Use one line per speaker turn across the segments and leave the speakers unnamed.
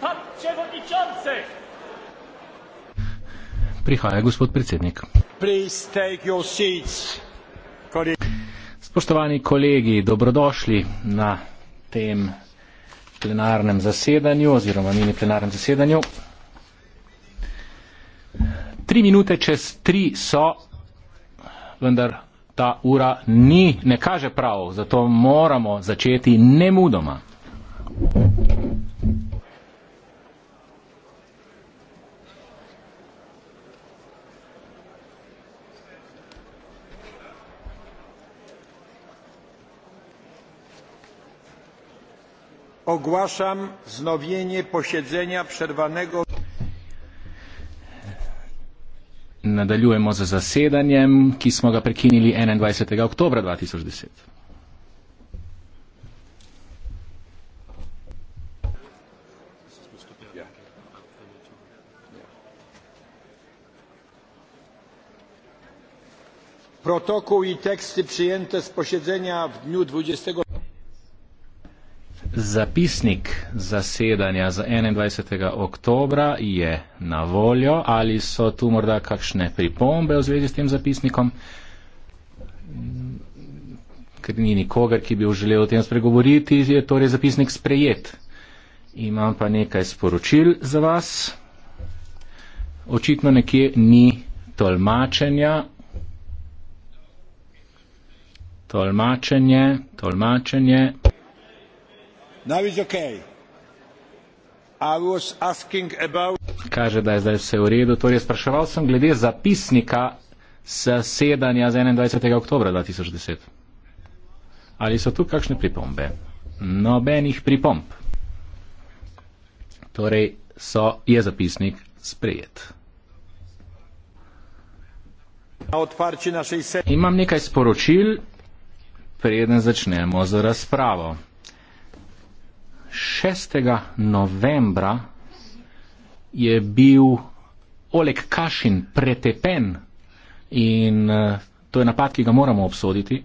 Podpredsednice! Prihaja gospod predsednik. Spoštovani kolegi, dobrodošli na tem plenarnem zasedanju oziroma mini plenarnem zasedanju. Tri minute čez tri so, vendar ta ura ni, ne kaže prav, zato moramo začeti nemudoma. ogłaszam wznowienie posiedzenia przerwanego nadaljujemo z zasedanjem ki smo ga prekinili enaindvajsetega oktobra dva tisoč deset protokół i teksty przyjęte z posiedzenia w dniu dwudziestego Zapisnik zasedanja za 21. oktober je na voljo. Ali so tu morda kakšne pripombe v zvezi s tem zapisnikom? Ker ni nikogar, ki bi želel o tem spregovoriti, je torej zapisnik sprejet. Imam pa nekaj sporočil za vas. Očitno nekje ni tolmačenja. Tolmačenje, tolmačenje. Kaže, da je zdaj vse v redu. Torej, spraševal sem glede zapisnika zasedanja z 21. oktobra 2010. Ali so tu kakšne pripombe? Nobenih pripomb. Torej, so, je zapisnik sprejet. Imam nekaj sporočil, preden začnemo z razpravo. 6. novembra je bil Oleg Kašin pretepen in eh, to je napad, ki ga moramo obsoditi.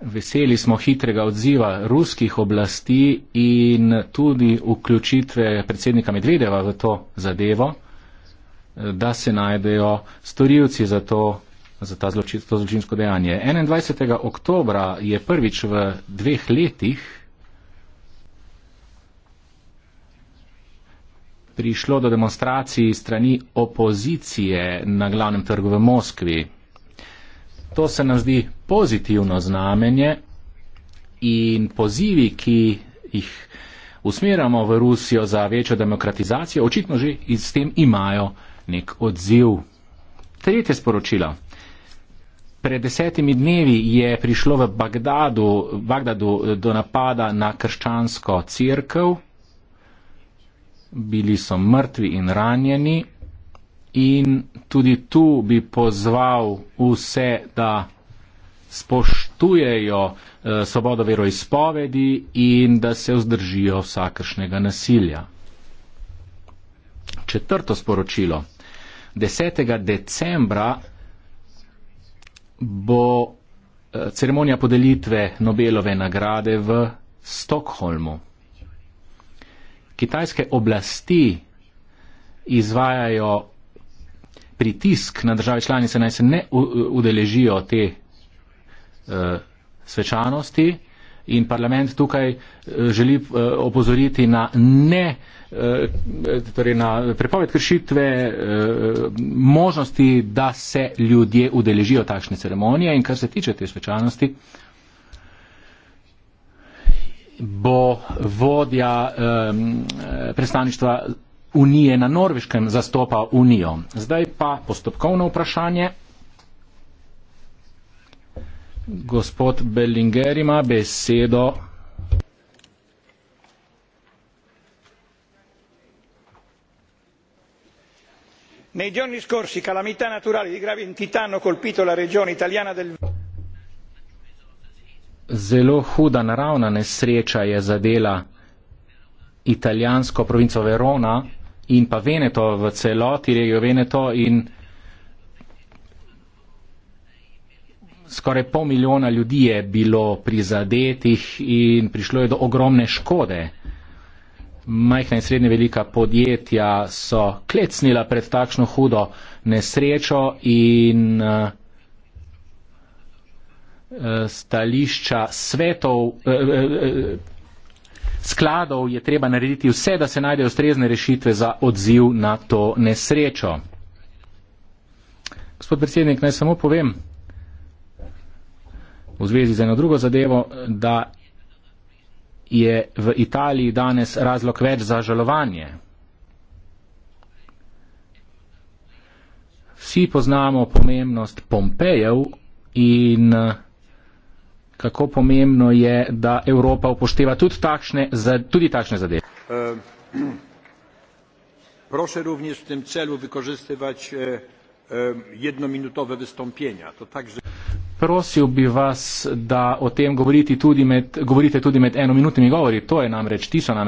Veseli smo hitrega odziva ruskih oblasti in tudi vključitve predsednika Medvedeva v to zadevo, eh, da se najdejo storilci za to za ta zločin, to zločinsko dejanje. 21. oktobra je prvič v dveh letih prišlo do demonstracij strani opozicije na glavnem trgu v Moskvi. To se nam zdi pozitivno znamenje in pozivi, ki jih usmeramo v Rusijo za večjo demokratizacijo, očitno že s tem imajo nek odziv. Tretje sporočilo pred desetimi dnevi je prišlo v Bagdadu, Bagdadu eh, do napada na krščansko crkv. Bili so mrtvi in ranjeni. In tudi tu bi pozval vse, da spoštujejo eh, svobodo veroizpovedi in da se vzdržijo vsakršnega nasilja. Četrto sporočilo. 10. decembra bo eh, ceremonija podelitve Nobelove nagrade v Stokholmu. Kitajske oblasti izvajajo pritisk na države članice, naj se ne udeležijo te uh, svečanosti, in parlament tukaj eh, želi eh, opozoriti na ne, eh, torej na prepoved kršitve možnosti, da se ljudje udeležijo takšne ceremonije in kar se tiče te svečanosti, bo vodja ehm, predstavništva Unije na Norveškem zastopa Unijo. Zdaj pa postopkovno vprašanje. Gospod Bellinger ima besedo. Nei giorni scorsi calamità naturali di grave entità hanno colpito la regione italiana del. Zelo huda naravna nesreča je zadela italijansko provinco Verona in pa Veneto v celoti regijo Veneto in skoraj pol milijona ljudi je bilo prizadetih in prišlo je do ogromne škode. Majhna in srednje velika podjetja so klecnila pred takšno hudo nesrečo in eh, eh, stališča svetov, eh, skladov je treba narediti vse, da se najdejo ustrezne rešitve za odziv na to nesrečo. Gospod predsednik, naj samo povem, v zvezi z eno drugo zadevo, da je v Italiji danes razlog več za žalovanje. Vsi poznamo pomembnost Pompejev in eh, kako pomembno je, da Evropa upošteva tudi takšne, tudi takšne zadeve. Eh, proszę również w tym celu wykorzystywać eh, jednominutowe wystąpienia. To także... Prosil bi vas, da o tem tudi med, govorite tudi med enominutnimi govori. To je namreč, ti so namreč.